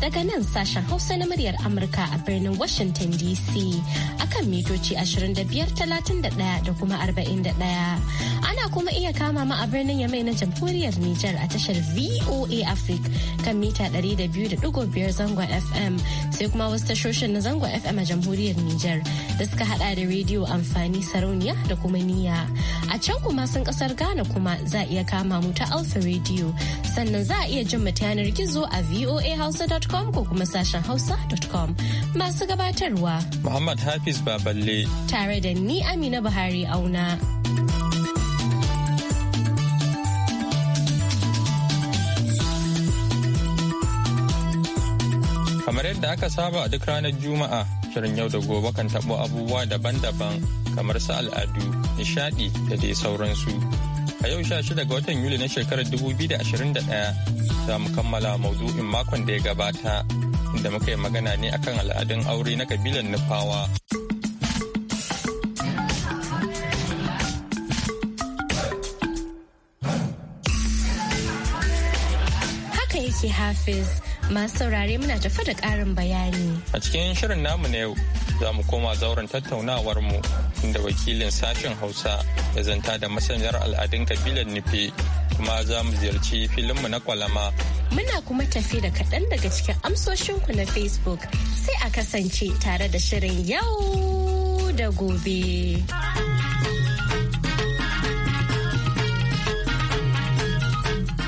daga nan sashen Hausa na muryar Amurka a birnin Washington DC akan mitoci 2531 da kuma 41. Ana kuma iya kama ma a birnin Yamai na Jamhuriyar Nijar a tashar VOA Africa kan mita 200.5 zangon FM sai kuma wasu tashoshin na zangon FM a Jamhuriyar Nijar da suka hada da rediyo amfani sarauniya da kuma niya. A can kuma sun kasar Ghana kuma za a iya kama mu ta Alpha Radio sannan za a iya jin mu ta yanar gizo a voahausa.com hausa.com ko kuma sashen hausa.com masu gabatarwa. Muhammad Hafiz Baballe. Tare da ni Amina Buhari auna. Kamar yadda aka saba a duk ranar Juma'a, shirin yau da gobe kan taɓo abubuwa daban-daban kamar su al'adu, nishaɗi da dai sauransu. a yau sha 16 ga watan Yuli na shekarar 2021 za mu kammala maudu'in makon da ya gabata inda muka yi magana ne akan al'adun aure na kabilan Nufawa. Haka yake Hafiz, masu saurare muna tafa da ƙarin bayani. A cikin shirin namu na yau za mu koma zauren tattaunawar mu inda wakilin sashen hausa ya zanta da masaniyar al'adun kabilar nufe kuma za mu ziyarci filinmu na kwalama muna kuma tafi da kaɗan daga cikin amsoshinku na facebook sai a kasance tare da shirin yau da gobe.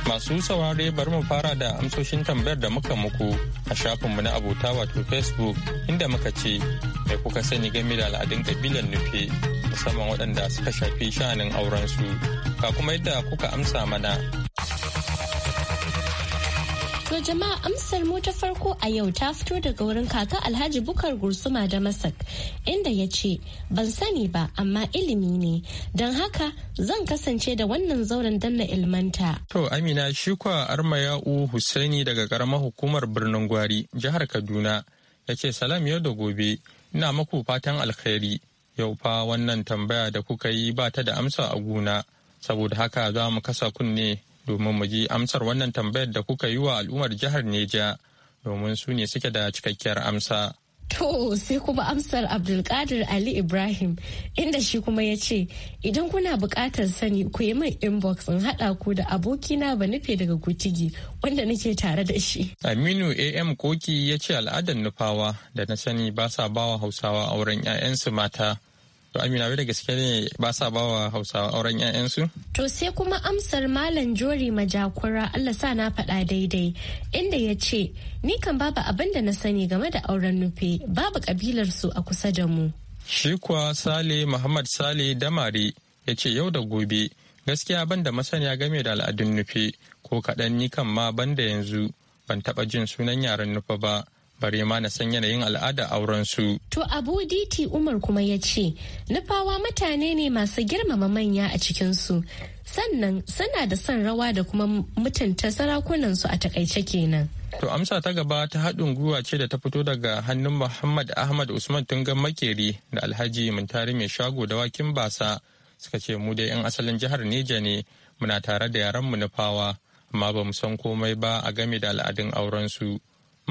masu saurare bari mu fara da amsoshin tambayar da muka muku a shafinmu na abota wato facebook inda muka ce mai kuka sani game da al'adun kabilan nufe musamman waɗanda suka shafi shanin aurensu ga kuma yadda kuka amsa mana. To jama'a amsar mu ta farko a yau ta fito daga wurin kaka Alhaji Bukar Gursuma da Masak inda ya ce ban sani ba amma ilimi ne don haka zan kasance da wannan zauren danna ilmanta. To Amina shi kwa Armayau Husaini daga karamar hukumar birnin Gwari jihar Kaduna ya ce salam yau da gobe ina maku fatan alkhairi yau fa wannan tambaya da kuka yi ba ta da amsa a guna saboda haka za mu kasa kunne domin mu ji amsar wannan tambayar da kuka yi wa al'ummar jihar neja domin su ne suke da cikakkiyar amsa To sai kuma amsar Abdulkadir Ali Ibrahim inda shi kuma ya ce idan kuna bukatar sani ku yi min inbox in haɗa ku da abokina ba nufe daga kutigi wanda nake tare da shi. Aminu AM Koki ya ce al'adar nufawa da na sani ba sa bawa Hausawa auren 'ya'yansu mata To Amina bai da gaske ne ba sa ba wa Hausawa auren 'ya'yansu? To sai kuma amsar Malam Jori Majakura Allah sa na faɗa daidai inda ya ce ni kan babu abin da na sani game da auren nufe babu kabilar su a kusa da mu. Shi kuwa Sale Muhammad Sale Damari ya ce yau da gobe gaskiya ban da masaniya game da al'adun nufe ko kaɗan ni kan ma ban da yanzu ban taɓa jin sunan yaren nufa ba. bare ma na san yanayin al'ada auren su. To Abu Diti Umar kuma ya ce, nufawa mutane ne masu girmama manya a cikin su sannan suna da son rawa da kuma mutunta sarakunansu a takaice kenan. To amsa ta gaba ta haɗin gwiwa ce da ta fito daga hannun Muhammad Ahmad Usman tun Tungan Makeri da Alhaji Muntari mai shago da wakin basa suka ce mu dai 'yan asalin jihar Neja ne muna tare da yaran mu nufawa amma ba mu san komai ba a game da al'adun auren su.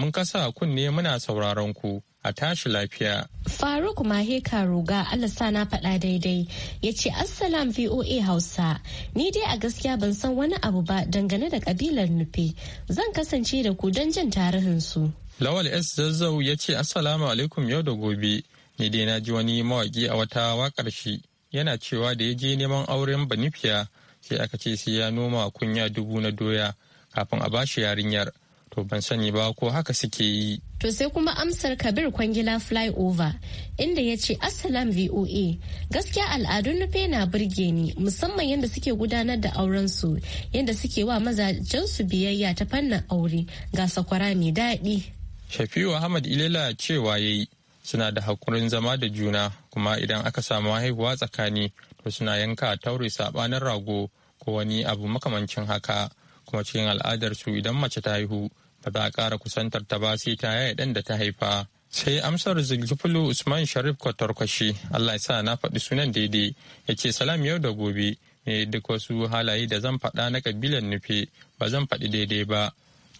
mun kasa kunne muna sauraron ku a tashi lafiya. Faruk Mahe Karuga Allah sa na faɗa daidai ya ce Assalam VOA Hausa ni dai a gaskiya ban san wani abu ba dangane da kabilar nufe zan kasance da ku don jin tarihinsu. Lawal S Zazzau ya ce Assalamu alaikum yau da gobe ni dai na ji wani mawaki a wata wakar shi yana cewa da ya je neman auren banifiya sai aka ce sai ya noma kunya dubu na doya kafin a bashi yarinyar to ban sani ba ko haka suke yi. To sai kuma amsar Kabir Kwangila Flyover inda ya ce Assalam VOA gaskiya al'adun nufe na burge ni musamman yadda suke gudanar da aurensu yadda suke wa mazajensu biyayya ta fannin aure ga sakwara mai daɗi. Shafiu Ahmad Ilela cewa ya yi suna da hakurin zama da juna kuma idan aka samu haihuwa tsakani to suna yanka taure sabanin rago ko wani abu makamancin haka kuma cikin al'adarsu idan mace ta haihu ba za a ƙara kusantar ta ba sai ta yaya ɗan da ta haifa sai amsar zulkifulu usman sharif kwatarkwashi allah ya sa na faɗi sunan daidai ya ce salam yau da gobe ne eh, duk wasu halaye da zan faɗa na ƙabilan nufe ba zan faɗi daidai ba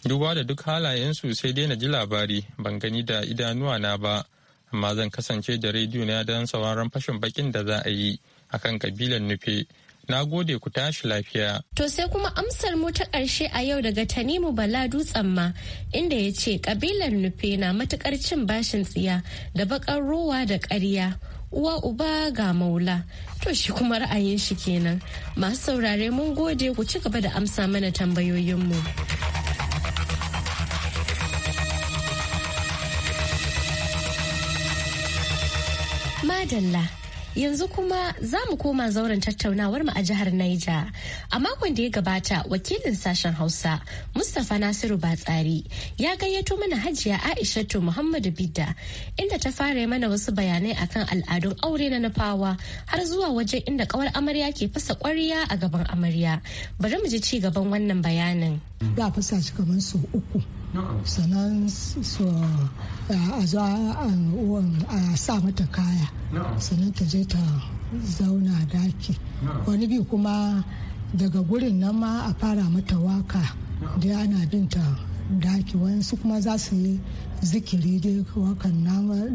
duba da duk halayensu sai dai na ji labari ban gani da idanuwa na ba amma zan kasance da rediyo na don sauraron fashin bakin da za a yi akan ƙabilan nufe Na gode ku tashi lafiya. To sai kuma amsar mu ta ƙarshe a yau daga Tanimu Bala Dutsamma inda ya ce ƙabilar nufe na matuƙar cin bashin tsiya da baƙar rowa da ƙarya. Uwa uba ga maula. To shi kuma ra'ayin shi kenan. Masu saurare mun gode ku ci gaba da amsa mana tambayoyinmu. Madalla. Yanzu kuma za mu koma zauren tattaunawar mu a jihar Naija. A makon da ya gabata wakilin sashen Hausa Mustapha Nasiru Batsari ya gayyato mana hajiya Aishatu Muhammadu Bidda inda ta fara mana wasu bayanai akan al'adun aure na nufawa har zuwa wajen inda kawar amarya ke fasa kwarya a gaban amarya. Bari mu ji ci gaban wannan bayanin. Da fasa shi kamar sau uku. Sannan a sa mata kaya. sannan ta je ta zauna daki wani bi kuma daga gurin nan ma a fara mata waka da ana binta daki wayansu kuma za su yi zikiri dai wakan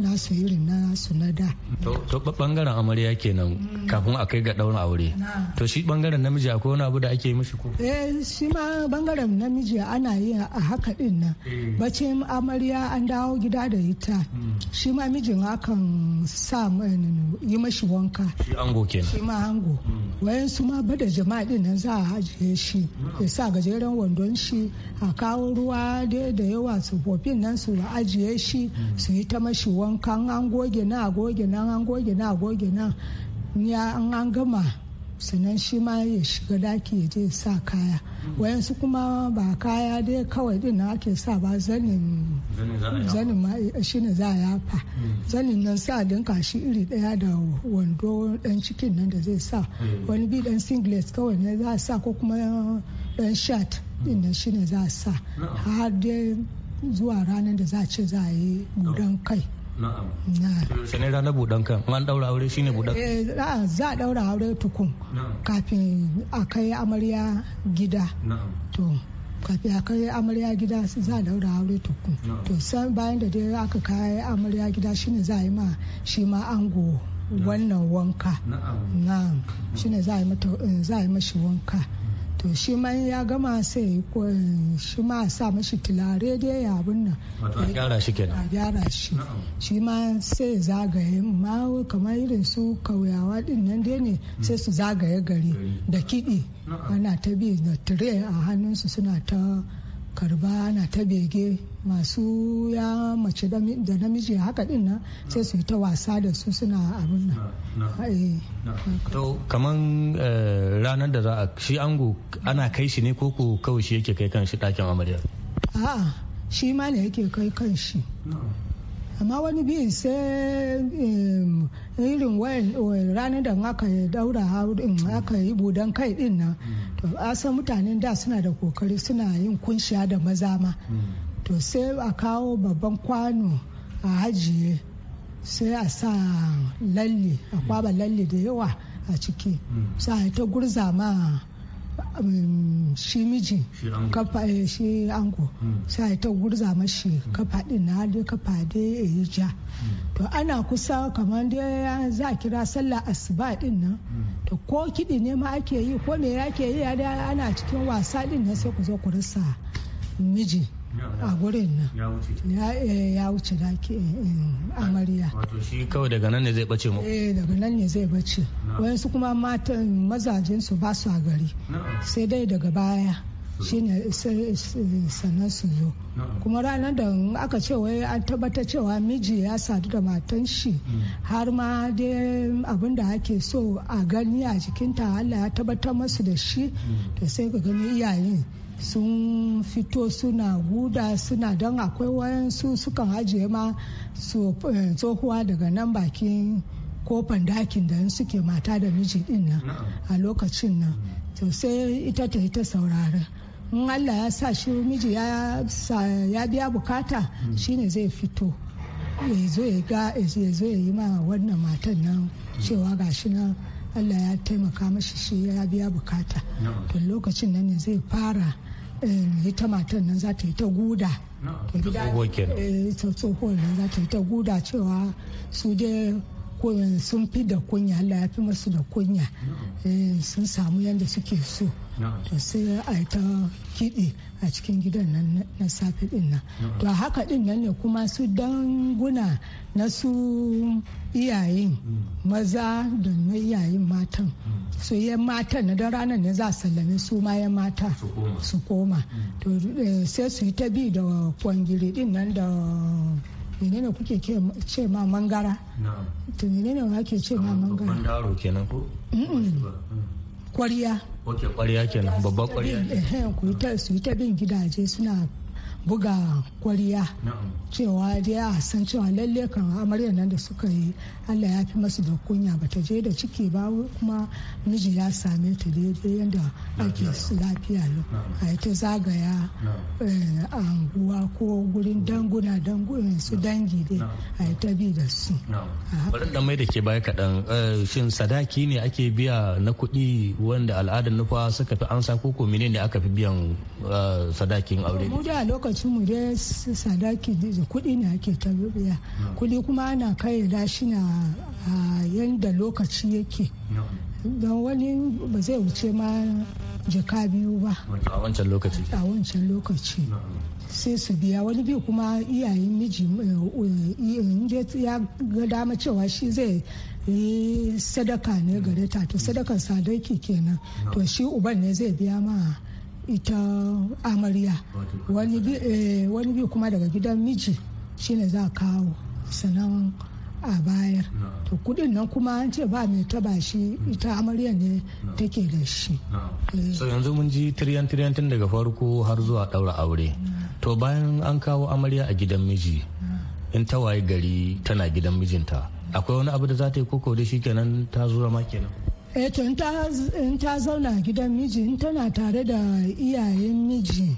nasu irin na su na da. To bangaren amarya kenan kafin a kai ga ɗaurin aure. To shi bangaren namiji akwai wani abu da ake mishi ko? Eh shi ma bangaren namiji ana yi a haka din nan. Eh. Bacin amarya an dawo gida da ita. Hmm. Shi ma mijin akan sa yi mashi wanka. Shi ango kenan. Shi ma ango. Hmm. Wayansu ma bada jama'a din nan za a ajiye shi. Hmm. Ya sa gajeren wandon shi a kawo ruwa dai da yawa tsofaffin nan su ajiye shi mm. su yi ta mashi wanka an goge na goge na an goge na goge na ya an gama sannan shi ma ya shiga daki ya je sa kaya mm. wayansu kuma ba kaya dai kawai din ake sa ba zanin zanin ma eh, shi ne za a yafa mm. zanin nan sa dinka shi iri daya da wando dan cikin nan da zai sa wani bi dan singlet kawai ne za a sa ko kuma dan shirt din nan shine za a sa har dai zuwa ranar da za a ce za a yi budan kai sanin ranar budan kan an daura aure shine budan eh, za a daura aure tukun kafin a kai amarya gida to kafin a kai amarya gida za a daura aure tukun to san bayan da dai aka kai amarya gida shine za a yi ma shi ma ango wannan wanka na'am shine za a yi eh, mashi wanka to shi ma ya gama sai shi ma sa mashi tilare dai ya abin nan a gyara shi kenan a gyara shi shi ma sai zagaye ma kamar irin su kauyawa din nan dai ne hmm. sai su zagaye gari da kiɗi ana ta bi da tire a hannunsu suna ta karba na ta bege masu ya mace da namiji haka din nan sai su yi ta wasa da su suna abin nan eh, to kaman eh, ranar da za a shi ango ana kai shi ne ko kawai shi yake kai kan shi ɗakin amarya a'a shi ma ne yake kai kan shi amma wani biyu sai irin ranar da aka daura aka yi budan kai din nan to san mutanen da suna da kokari suna yin kunshiya da maza ma to sai a kawo babban kwano a hajiye sai a sa lalle a kwaba lalle da yawa a ciki sai ta gurza ma shi miji kafa shi ango eh, hmm. sai ta gurza mashi hmm. kafa din na dai kafa dai ya ja hmm. to ana kusa kamar dai za kira sallah asuba din nan to ko kiɗi ne ma ake yi ko me yake yi ana cikin wasa din sai ku zo ku rasa miji a gurin nan ya wuce eh, daki eh, eh, amarya wato shi kawai daga nan ne zai bace mu eh daga nan ne zai bace wayansu kuma matan mazajin su ba su a gari sai dai daga baya shine sannan su zo kuma ranar da aka ce wai an tabbata cewa miji ya sadu da matan shi mm. har ma dai abin da ake so a gani a jikinta Allah ya tabbatar masu da shi da mm. sai ka gani iyayen sun fito suna guda suna don akwai wayansu sukan ajiye ma eh, tsohuwa daga nan bakin kofan dakin da suke mata da miji din nan a lokacin nan to sai ita ta ita saurara in allah ya sa shi miji ya biya bukata mm. shine zai fito ya zo ya ga ya zo ya yi ma wannan matan nan mm. cewa gashi nan Allah ya taimaka mashi shi ya biya bukata to lokacin nan ne zai fara Eh, ita matan nan za ta yi ta guda eh, tsohuwar nan za ta yi ta guda cewa su dai sun fi da kunya Allah ya fi masu da kunya eh, sun samu yadda suke so sai a ta kiɗi a cikin gidan nan na safe din nan to haka din nan ne kuma su danguna na su iyayen mm. maza da na iyayen matan mm. su yi matan na don ranar ne za su sallame su ma yan mata su koma mm. to eh, sai su yi ta bi da kwangiri din nan da ne kuke ce ma mangara to menene ake ce ma mangara kwarya ok kwarya kenan babban kwarya eh, eh, su yi ta bin gidaje suna buga kwariya cewa dai a ah, san cewa lalle kan amaryar nan da suka yi allah ya fi masu da kunya ba ta je da ciki ba kuma miji ya same ta daidai yadda ake su lafiya lo a ta zagaya eh, a anguwa ko gurin danguna eh, su dangi dai a ta bi da su bari da mai da ke baya kaɗan eh, shin sadaki ne ake biya na kuɗi wanda al'adar nufa suka fi ansa koko menene aka fi biyan sadakin aure mu da lokacin mu dai sadaki da kuɗi ne ake ta kuɗi kuma ana kai da shi na yadda lokaci yake don wani ba zai wuce ma jaka biyu ba a wancan lokaci sai su biya wani biyu kuma iyayen miji eh, eh, ya ga dama cewa shi zai yi sadaka ne gare ta to sadakan sadaki kenan to shi uban ne zai biya ma ita amarya eh, wani bi kuma daga gidan miji shine za a kawo sannan a bayar to kudin nan kuma an ce ba mai taba shi ita amarya ne take da shi eh. so yanzu mun ji tiryan tiryan tun daga farko har zuwa daura aure to bayan an kawo amarya a gidan miji in ta waye gari tana gidan mijinta akwai wani abu da za ta yi koko da shi kenan ta zura ma kenan eh to in ta zauna gidan miji in tana tare da iyayen miji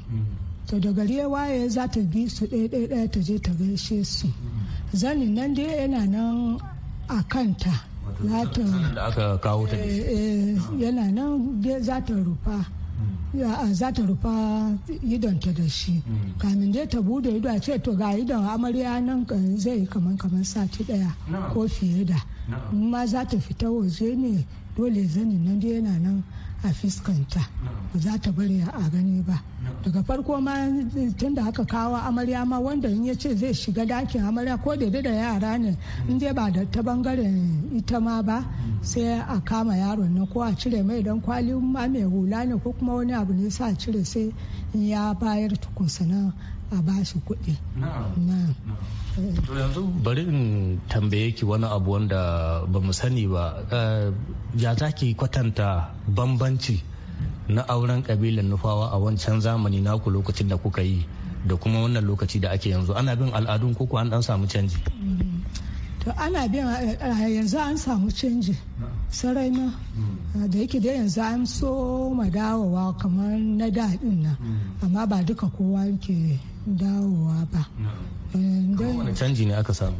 to da gari ya waye za ta bi su ɗaya ɗaya ta je ta gaishe su zanin nan dai yana nan a kanta eh, eh, yana nan za ta rufa hmm. za ta rufa idonta da shi hmm. kamin dai ta bude ido a ce to ga idon amarya nan zai kaman kaman sati daya ko fiye da ma za ta fita waje ne dole zanin nan dai yana nan a fiskanta ba za ta bari a gani ba daga farko ma tun da aka kawo amarya ma wanda in ya ce zai shiga dakin amarya ko daidai da yara ne in dai ba da ta bangaren ita ma ba sai a kama yaron na ko a cire mai dan kwali ma mai hula ne ko kuma wani abu ne sa a cire sai ya bayar tukunsa na a ba shi kuɗi. bari in tambaye ki wani abu wanda ba mu sani ba eh, ya za ki kwatanta bambanci na auren kabilan nufawa a wancan zamani naku lokacin da kuka yi da kuma wannan lokaci da ake yanzu ana bin al'adun koko an dan samu canji to ana bin yanzu an samu canji sarai ma mm. da yake da yanzu an so ma dawowa kamar na daɗin nan mm. amma ba duka kowa ke dawowa ba mm. eh, canji ne aka samu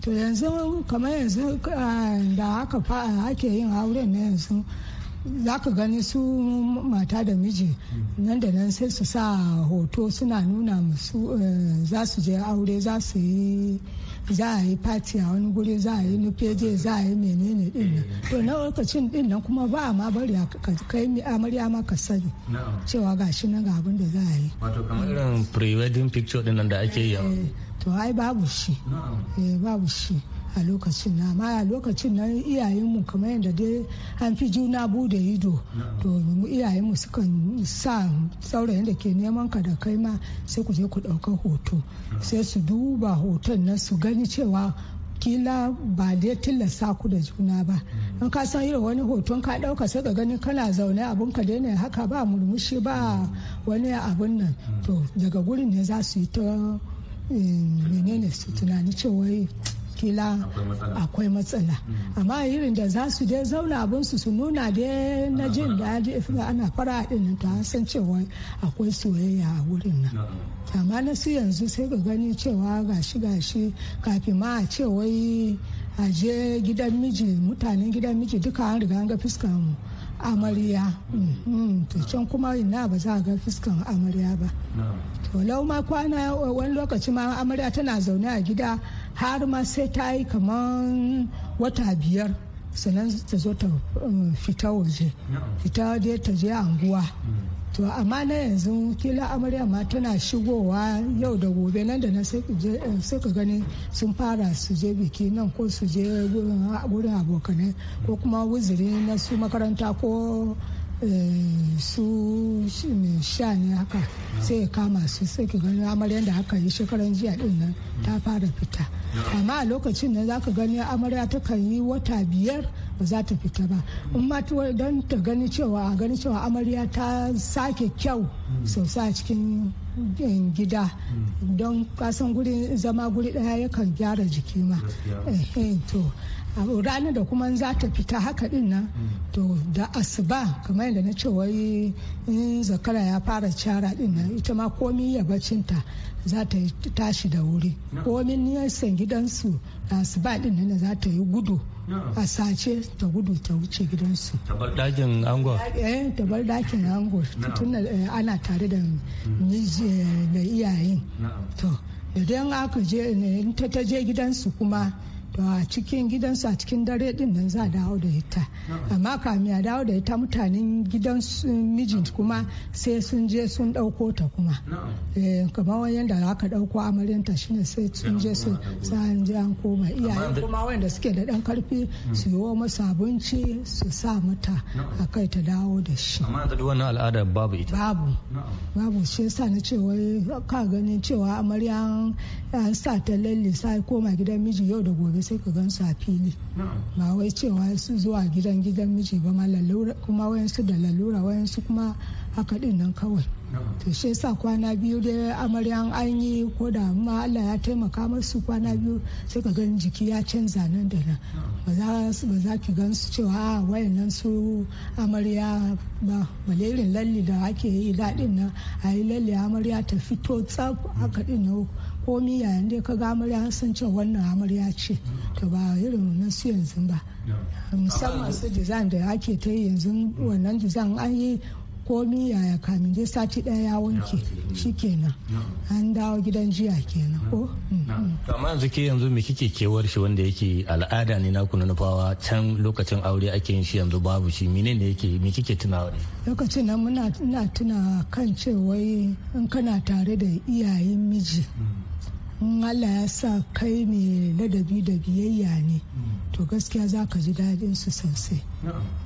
to yanzu kamar yanzu eh, da haka ake yin aure na yanzu za ka gani su mata da miji nan da nan sai su sa hoto suna nuna musu eh, za su je aure za su yi za a yi fati a wani guri za a yi nufeje za a yi menene din nan to na lokacin din nan kuma ba ma bari a kai mi amarya ma ka sani cewa gashi nan ga abin da za a yi wato kamar irin pre-wedding picture din nan da ake yi eh, to ai babu shi eh babu shi a lokacin na amma a lokacin na iyayenmu kamar yadda dai an fi juna bude ido to iyayenmu sukan sa saurayin da ke neman ka da kai ma sai ku je ku ɗauka hoto sai su duba hoton na su gani cewa kila ba dai tilasta ku da juna ba mm. in ka san irin wani hoton ka dauka sai ka gani kana zaune abun ka daina haka ba murmushi ba mm. wani abun nan mm. to daga gurin ne za su yi ta Eh, menene su tunani cewa kila akwai matsala amma irin da za su dai zauna abinsu su nuna da na jin da eh, ana fara ɗin ta san cewa akwai soyayya a wurin nan amma na su yanzu sai ka gani cewa gashi gashi kafin ma a ce wai a je gidan miji mutanen gidan miji duka an riga an ga fuskar mu amarya mm-hmm. to can kuma ina ba za a ga fuskan amarya ba to lau ma kwana wani lokaci ma amarya tana zaune a gida har ma sai ta yi kamar wata biyar sannan ta zo ta um, fita waje fita dai ta je anguwa mm. to amma na yanzu kila amarya ma tana shigowa yau da gobe nan da na sai eh, gani sun fara su je biki nan ko su je wurin abokanai ko kuma wuziri na su makaranta ko eh, su sha ne haka sai ya kama su sai ka gani amarya da haka yi shekaran jiya din nan ta fara fita amma a lokacin nan za ka gani amarya ta kan yi wata biyar ba za ta fita ba in ma don ta gani cewa a gani cewa amarya ta sake kyau sosai a cikin eh, gida don kasan guri zama guri daya yakan gyara jiki ma ranar da kuma za ta fita haka din nan to da asuba kamar yadda na ce wai in zakara ya fara cara din nan ita ma komi ya bacinta za ta tashi da wuri komin nisan gidansu da asuba din nan za ta yi gudu a sace ta gudu ta wuce gidansu tabar dakin ango eh, eh ana tare da eh, iyayen to idan aka je eh, ta je gidansu kuma Ba cikin gidansu a cikin dare din nan za a dawo da ita amma kamin a dawo da ita mutanen gidan mijin kuma sai sun je sun dauko ta kuma eh, kamar yadda aka dauko amaryanta shine sai sun je sun je an koma iyayen kuma wanda suke da dan karfi hmm. su yi masa abinci su sa mata a kai ta dawo da shi amma da wannan al'ada babu ita babu babu shi yasa na ce wai ka ganin cewa amarya an sa ta lalle sai koma gidan miji yau da gobe sai ka gan su a fili ba wai cewa su zuwa gidan gidan miji ba ma lalura kuma wayansu da lalura wayansu kuma haka din nan kawai to shi yasa kwana biyu da amaryan an yi ko da ma Allah ya taimaka musu kwana biyu sai ka gan jiki ya canza nan da nan ba za ki gan su cewa a ah, wayannan su amarya ba balerin lalli da ake yi daɗin nan a yi lalli amarya ta fito tsaf haka din nan komi yayin da ka ga amarya sun ce wannan amarya ce to ba irin na su yanzu ba musamman su design da ake ta yanzu wannan design an yi komi yaya kamin dai sati ɗaya ya wanke shi kenan an dawo gidan jiya kenan ko mm, mm. amma yanzu ke yanzu me kike kewar shi wanda yake al'ada ne na kuna nufawa can lokacin aure ake yin shi yanzu babu shi menene yake me kike tunawa lokacin nan muna tuna kan cewa in kana tare da iyayen miji mm. in Allah ya sa kai ne ladabi da biyayya ne to gaskiya za ka ji daɗin su sosai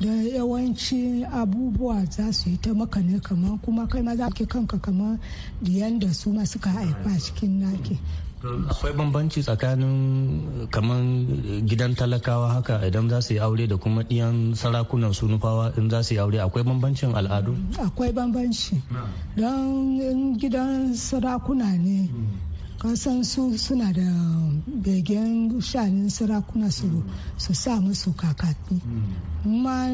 da yawanci abubuwa za su yi ta maka ne kamar kuma kai ma za ki kanka kamar diyan da su ma suka haifa cikin naki akwai bambanci tsakanin kamar gidan talakawa haka idan za su yi aure da kuma ɗiyan sarakunan su nufawa in za su yi aure akwai bambancin al'adu akwai bambanci don gidan sarakuna ne hmm. kasan su suna da begen shanin sarakuna su su sa musu kakaki ma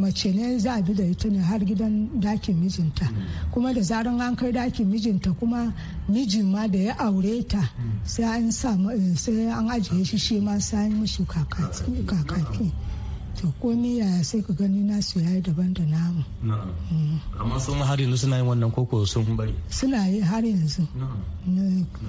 mace ne za a bi da ita ne har gidan dakin mijinta kuma da zaran an kai dakin mijinta kuma mijin ma da ya aure ta sai an ajiye shi shi ma sai musu kakaki to ko ni ya sai ka gani nasu yayi daban da namu mm. amma sun har yanzu suna yin wannan koko sun bari suna yi har yanzu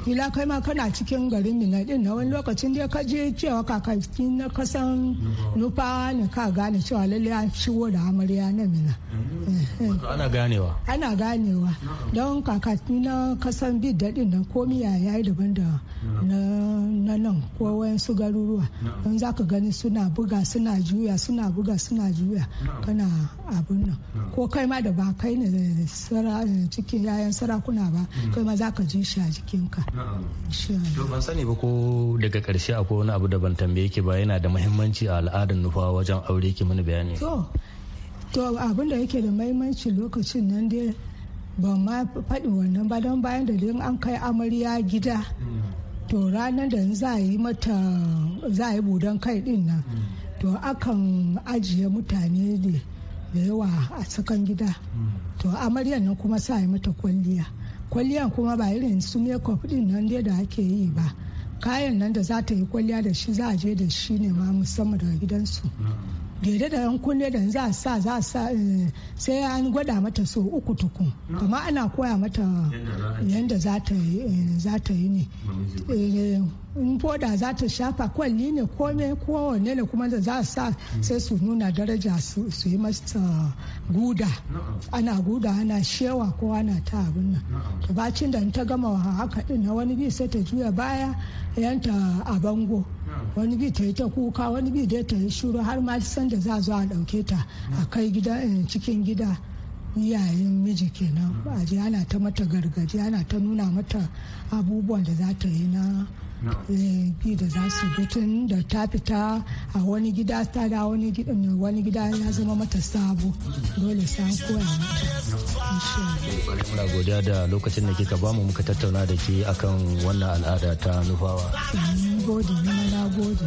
kila mm. kai ma kana cikin garin mina din na wani lokacin da ka je cewa kakaki na kasan nufa ne ka gane cewa lalle an shigo da amarya na mina mm. eh, eh. ana ganewa ana ganewa don kakaki na kasan da din nan komi yayi daban da na nan ko su garuruwa don za ka gani suna buga suna juya suna buga suna juya kana abun nan ko kai ma da ba kai ne cikin yayan sarakuna ba mm. kai ma za ka ji shi a jikinka to ban sani ba ko daga karshe akwai wani abu da ban tambaye ki ba yana da muhimmanci a al'adar nufa wajen aure ki mini bayani to to abin da yake da muhimmanci lokacin nan dai ban ma faɗi wannan ba don bayan da an kai amarya gida mm. to ranar da za a yi mata za a yi budan kai din nan mm. to akan ajiye mutane ne da yawa a tsakan gida to amaryan nan kuma sa mata kwalliya kwalliyan kuma ba irin su ne kwafudin nan dai da ake yi ba kayan nan da za ta yi kwalliya da shi za a je da shi ne ma musamman daga gidansu mm. geda da yan kunne da za a sa za a sa eh, sai an gwada mata so uku tuku amma ana koya mata yadda eh, za ta yi ne eh, in foda za ta shafa kwalli ne kome kowanne ne kuma da za a sa mm. sai su nuna daraja su yi masa guda ana guda ana shewa ko ana ta abin nan bacin da ta gama haka din na wani bi sai ta juya baya yanta a bango wani bi ta yi ta kuka wani bi da ta yi shuru har ma sanda za zo a ɗauke ta a kai gida eh, cikin gida yayin miji kenan a ana ta mata gargaji ana ta nuna mata abubuwan da za ta yi na bi da za su tun da ta fita a wani gida ta da wani gida wani gida ya zama mata sabo dole san koya mata muna godiya da lokacin da kika bamu muka tattauna da ke akan wannan al'ada ta nufawa gode na gode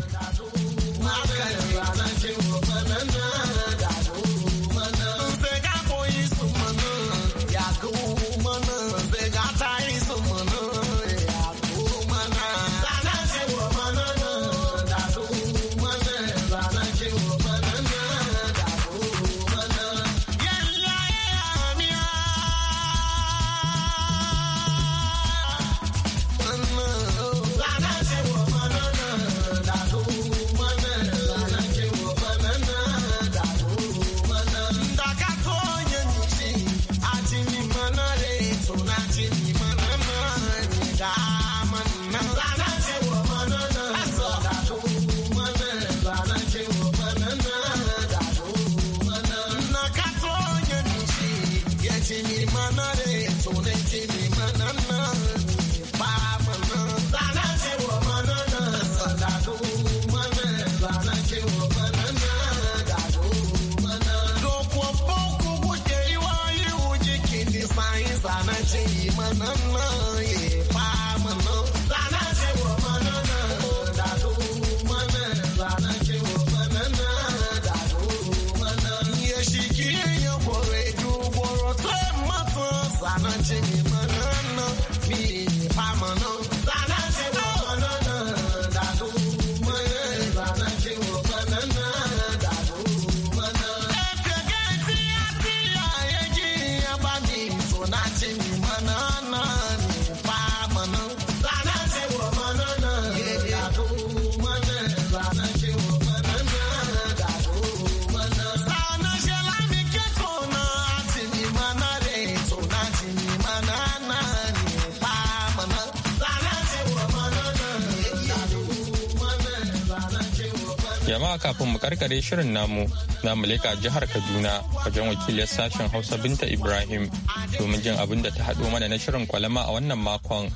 mu karkare shirin namu za mu jihar Kaduna wajen wakiliyar sashen Hausa Binta Ibrahim domin jin abin da ta haɗo mana na shirin kwalama a wannan makon.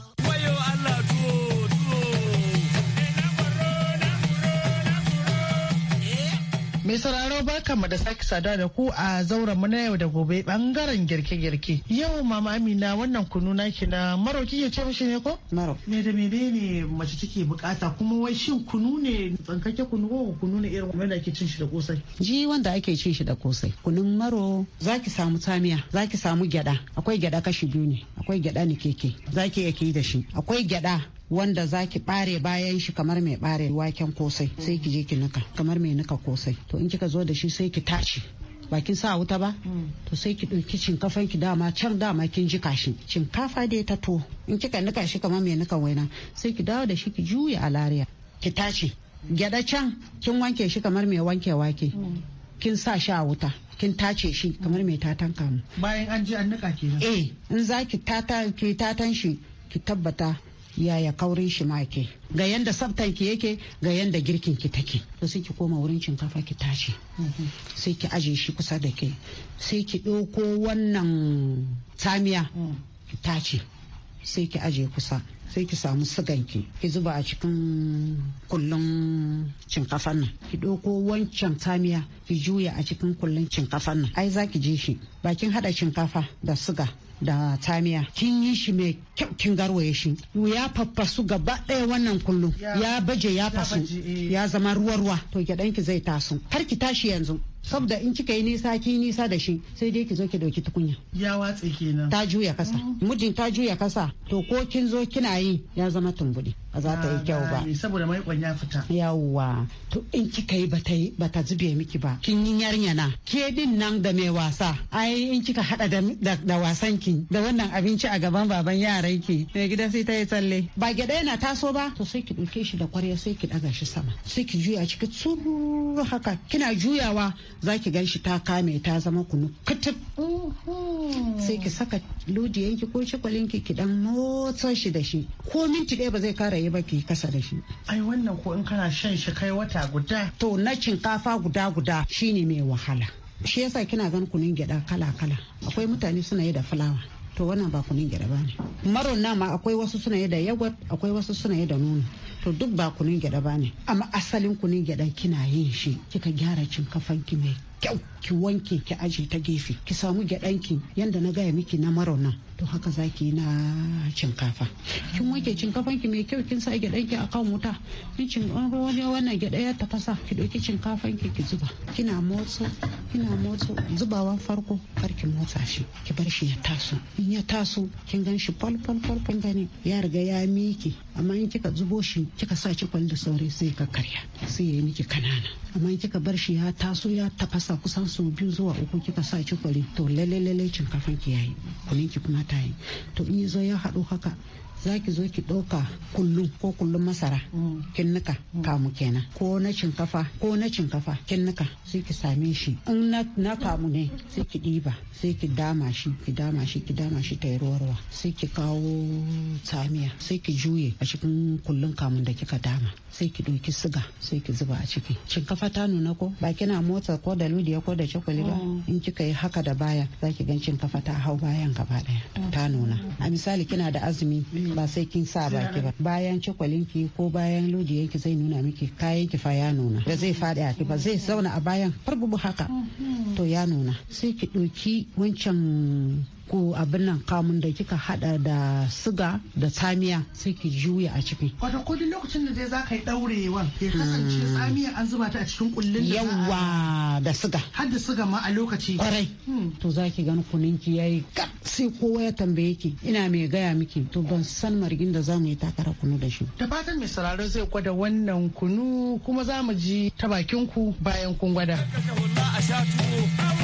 Mai sauraro barka mu da sake sada da ku a zauren mu na yau da gobe bangaren girke-girke. Yau mama Amina wannan kunu naki na maro Ya ce mishi ne ko? Maro. Me da ne mace take bukata kuma wai shin kunu ne tsankake kunu ko kunu ne irin wanda ake cin shi da kosai? Ji wanda ake cin shi da kosai. Kunun maro zaki samu tamiya, zaki samu gyada. Akwai gyada kashi biyu ne, akwai gyada ni keke. Zaki yake yi da shi. Akwai gyada wanda za ki bare bayan shi kamar mai bare waken kosai sai ki je ki nika kamar mai nika kosai to in kika zo da shi sai ki tace bakin sa wuta ba mm. to sai ki ɗauki shinkafan ki dama can dama kin ji shi shinkafa dai ta to in kika nika shi kamar mai nika waina sai ki dawo da shi ki juya a lariya ki tace gyada can kin wanke shi kamar mai wanke wake mm. kin sa shi a wuta kin tace shi kamar mai tatan kamu bayan an ji an nika kenan eh in za ki tatan ki tatan shi ki tabbata yaya kaurin shi ma ke ga yanda tsaftan ki yake ga yanda girkin ki take to sai ki koma wurin shinkafa ki tashi sai ki aje shi kusa da ke sai ki ɗauko wannan tamiya ki tace sai ki aje kusa sai ki samu siganki ki zuba a cikin kullun cinkafan nan ki ɗauko wancan tamiya ki juya a cikin kullun cinkafan nan ai za ki je shi bakin hada shinkafa da siga da tsamiya kin yi shi mai kyau kin garwaye shi ya faffasu gaba ɗaya wannan kullum ya baje ya fasu eh. ya zama ruwa ruwa to gyadanki zai taso har ki tashi yanzu saboda in kika yi nisa ki nisa da shi sai dai ki zo ki dauki tukunya ya watse kenan ta juya kasa mm. mijin ta juya kasa to ko kin zo kina yi ya zama tumbudi ba za ta yi kyau ba saboda mai ya fita yawwa to in kika yi bata bata zube miki ba kin yi yarinya na ke din nan da mai wasa ai in kika hada da, da, wasan ki da wannan abinci a gaban baban yaran ki mai gida sai ta yi tsalle ba gida yana taso ba to sai ki dauke shi da kwarya sai ki daga shi sama sai ki juya cikin tsuru haka kina juyawa za ki gan shi ta kame ta zama kunu katif sai ki saka ludiyanki ko cikwalinki ki dan motsa shi da shi ko minti ɗaya ba zai kara yi ba ki kasa da shi ai wannan ko in kana shan shi kai wata guda to na shinkafa guda guda shine mai wahala shi yasa kina gan kunun gyada kala kala akwai mutane suna yi da fulawa to wannan ba kunun gyada ba ne maron nama akwai wasu suna yi da yagwat akwai wasu suna yi da nono to duk ba kunun gyada ba ne amma asalin kunun gyada kina yin shi kika gyara cin ki mai kyau ki wanke ki aje ta gefe ki samu gyaɗanki yadda na gaya miki na maraunan to haka za ki yi na shinkafa kin wanke ki mai kyau kin sa gyaɗanki a kan wuta in shinkafa wani wannan gyaɗa ya tafasa ki ɗauki cinkafanki ki zuba kina motsa kina zubawan farko kar ki motsa shi ki bar shi ya taso in ya taso kin gan shi fal fal fal kin gani ya riga ya miki amma in kika zubo shi kika sa shi kwal da sauri sai ka karya sai ya yi miki kanana amma in kika bar shi ya taso ya tafasa sa kusan sau biyu zuwa uku kika sa cikwari to lalle lalle shinkafan ki yayi kunun ki kuma ta yi to in zo ya haɗu haka za ki zo ki ɗauka kullum ko kullum masara mm. kin nika mm. kamu kenan ko na shinkafa ko na shinkafa kin nika sai ki same shi in na kamu ne sai ki ɗiba sai ki dama shi ki dama shi ki dama shi ta ruwarwa sai ki kawo tsamiya sai ki juye a cikin kullum kamun da kika dama sai ki ɗauki siga sai ki zuba a ciki shinkafa ta nuna ko ba kina mota ko da ludiya ko da cokali ba mm. in kika yi haka da baya za ki gan shinkafa ta hau bayan gaba ɗaya ta nuna a misali kina da azumi ba sai kin sa baki ba bayan cakwalin ki ko bayan lujiyan zai nuna miki kayan ki fa ya nuna da zai faɗi a ba zai zauna a bayan farbubu haka mhm. to ya nuna sai ki ɗauki wancan ko abin nan kamun da kika hada da siga da tsamiya sai ki juya a ciki. Wata ko lokacin da zai za ka yi daurewan ya kasance mm. tsamiya an zuba ta a cikin kullun da yawa da siga. Har da siga ma a lokaci. Kwarai. Hmm. To za ki gani kunin ki yayi kap sai kowa ya tambaye ki ina mai gaya miki to ban san margin da za mu yi takara kunu da shi. Da fatan mai sauraro zai gwada wannan kunu kuma za mu ji ta bakin ku bayan kun gwada. a sha tuwo.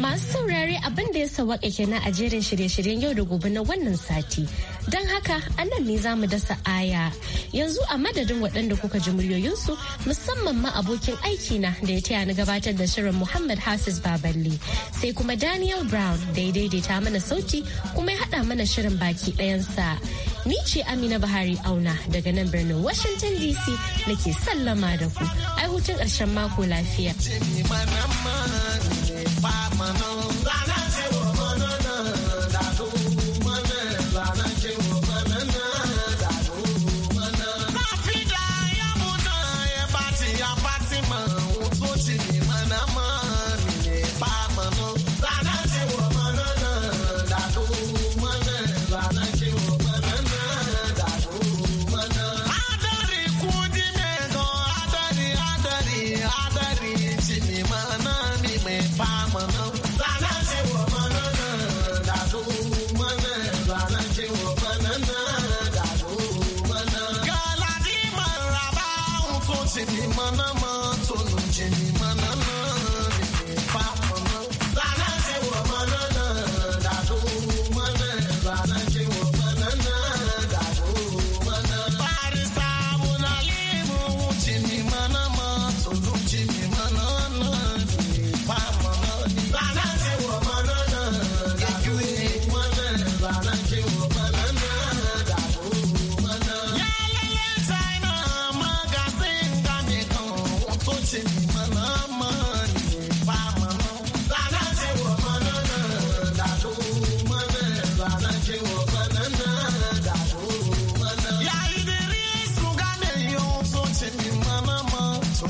Masu saurare abin da ya kenan a jerin shirye-shiryen yau da gobe na wannan sati. Don haka a nan ne za mu dasa aya. Yanzu a madadin waɗanda kuka ji muryoyinsu musamman ma abokin aiki na da ya taya ni gabatar da shirin Muhammad Hafiz Baballe. Sai kuma Daniel Brown da ya daidaita mana sauti kuma ya haɗa mana shirin baki ɗayansa. Ni ce Amina bahari Auna daga nan birnin Washington DC nake sallama da ku. Ai hutun ƙarshen mako lafiya.